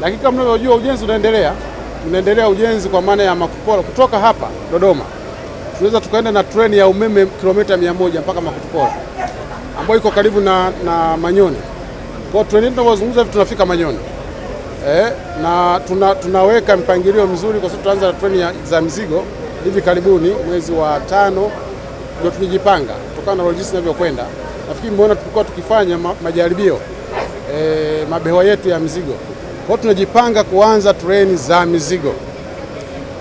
Lakini kama mnavyojua ujenzi unaendelea, unaendelea ujenzi kwa maana ya Makutupora. Kutoka hapa Dodoma tunaweza tukaenda na treni ya umeme kilomita mia moja mpaka Makutupora ambayo iko karibu na, na Manyoni. Kwa treni tunavyozungumza hivi tunafika Manyoni eh, na tuna, tunaweka mpangilio mzuri kwa sababu tutaanza na treni za mzigo hivi karibuni mwezi wa tano, ndio tumejipanga kutokana na logistics inavyokwenda. Nafikiri mbona tulikuwa tukifanya ma, majaribio eh, mabehewa yetu ya mzigo kwa tunajipanga kuanza treni za mizigo.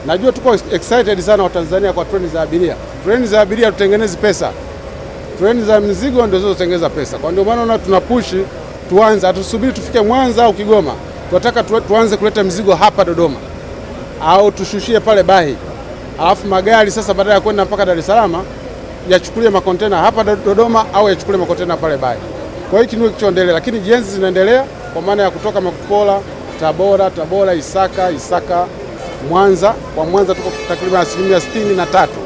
Najua tuko excited sana Watanzania kwa treni za abiria. Treni za abiria tutengenezi pesa, treni za mizigo ndio zinazotengeneza pesa. Kwa ndio maana tunapushi tuanze, hatusubiri tufike Mwanza au Kigoma. Tunataka tuanze kuleta mizigo hapa Dodoma au tushushie pale Bahi, alafu magari sasa baada ya kwenda mpaka Dar es Salaam yachukulie makontena hapa Dodoma au yachukulie makontena pale Bahi. Kwa hiyo kinue kichoendelea, lakini jenzi zinaendelea kwa maana ya kutoka Makupola Tabora, Tabora Isaka, Isaka Mwanza. Kwa Mwanza tuko takriban asilimia sitini na tatu,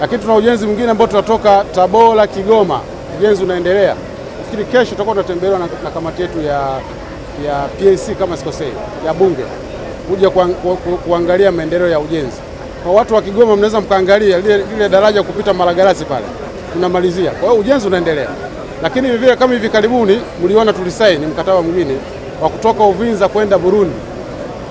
lakini tuna ujenzi mwingine ambao tunatoka Tabora Kigoma, ujenzi unaendelea. Nafikiri kesho tutakuwa tunatembelewa na, na kamati yetu ya, ya PNC kama sikosei, ya bunge kuja kuangalia maendeleo ya ujenzi. Kwa watu wa Kigoma, mnaweza mkaangalia lile, lile daraja kupita Malagarasi pale tunamalizia. Kwa hiyo ujenzi unaendelea, lakini vivile kama hivi karibuni mliona tulisaini mkataba mwingine wa kutoka Uvinza kwenda Burundi,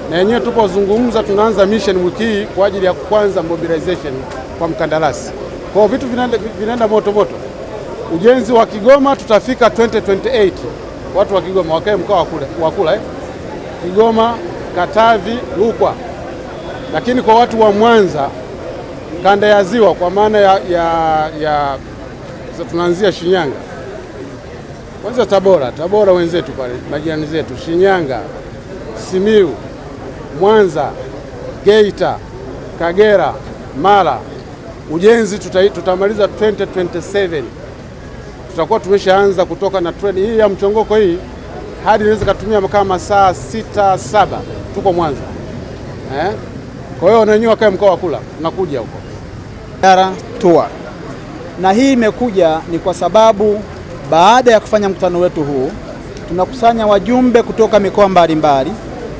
na yenyewe tupozungumza, tunaanza mission wiki hii kwa ajili ya kwanza mobilization kwa mkandarasi. Kwa hiyo vitu vinaenda, vinaenda moto moto. Ujenzi wa Kigoma tutafika 2028 watu wa Kigoma wakae mkoa wa kula eh, Kigoma, Katavi, Rukwa. Lakini kwa watu wa Mwanza, kanda ya ziwa kwa maana ya, ya, ya tunaanzia Shinyanga kwanza Tabora, Tabora wenzetu pale, majirani zetu, Shinyanga, Simiu, Mwanza, Geita, Kagera, Mara. Ujenzi tuta, tutamaliza 2027 tutakuwa tumeshaanza kutoka na treni hii ya mchongoko hii hadi inaweza kutumia kama saa sita saba, tuko Mwanza eh? Kwa hiyo nanyi kae mkoa wa kula nakuja huko tua, na hii imekuja ni kwa sababu baada ya kufanya mkutano wetu huu, tunakusanya wajumbe kutoka mikoa mbalimbali,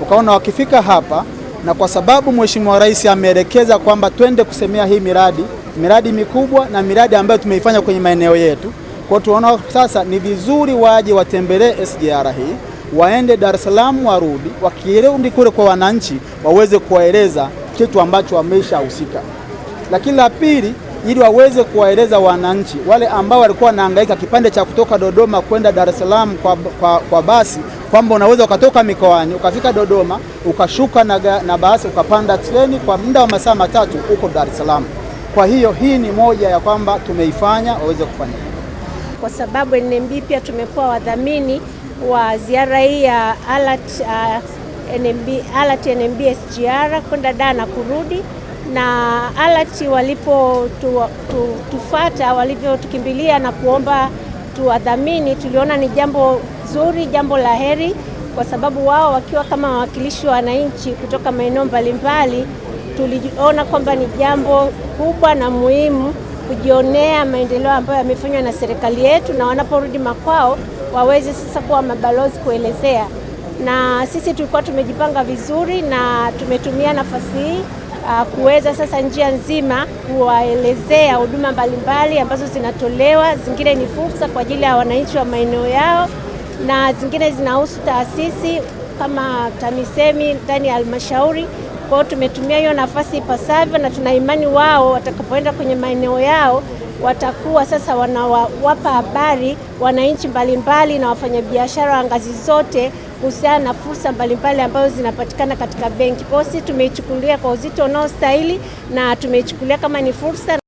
ukaona wakifika hapa, na kwa sababu Mheshimiwa Rais ameelekeza kwamba twende kusemea hii miradi, miradi mikubwa na miradi ambayo tumeifanya kwenye maeneo yetu, kwa tunaona sasa ni vizuri waje watembelee SGR hii waende Dar es Salaam warudi, wakirudi kule kwa wananchi waweze kuwaeleza kitu ambacho wameishahusika. Lakini la pili ili waweze kuwaeleza wananchi wale ambao walikuwa wanahangaika kipande cha kutoka Dodoma kwenda Dar es Salaam kwa, kwa, kwa basi kwamba unaweza ukatoka mikoani ukafika Dodoma ukashuka na, na basi ukapanda treni kwa muda wa masaa matatu huko Dar es Salaam. Kwa hiyo hii ni moja ya kwamba tumeifanya waweze kufanya kwa sababu NMB pia tumekuwa wadhamini wa ziara hii ya alert, uh, NMB, alert NMB SGR kwenda Dar na kurudi na alati walipotufata tu, walivyotukimbilia na kuomba tuwadhamini, tuliona ni jambo zuri, jambo la heri, kwa sababu wao wakiwa kama wawakilishi wa wananchi kutoka maeneo mbalimbali, tuliona kwamba ni jambo kubwa na muhimu kujionea maendeleo ambayo yamefanywa na serikali yetu, na wanaporudi makwao waweze sasa kuwa mabalozi kuelezea. Na sisi tulikuwa tumejipanga vizuri na tumetumia nafasi hii uh, kuweza sasa njia nzima kuwaelezea huduma mbalimbali ambazo zinatolewa. Zingine ni fursa kwa ajili ya wananchi wa maeneo yao na zingine zinahusu taasisi kama TAMISEMI ndani ya halmashauri. Kwa hiyo tumetumia hiyo nafasi ipasavyo, na tuna imani wao watakapoenda kwenye maeneo yao watakuwa sasa wanawapa habari wananchi mbalimbali na wafanyabiashara wa ngazi zote kuhusiana na fursa mbalimbali ambazo zinapatikana katika benki. Kwa hiyo sisi tumeichukulia kwa uzito unaostahili na tumeichukulia kama ni fursa.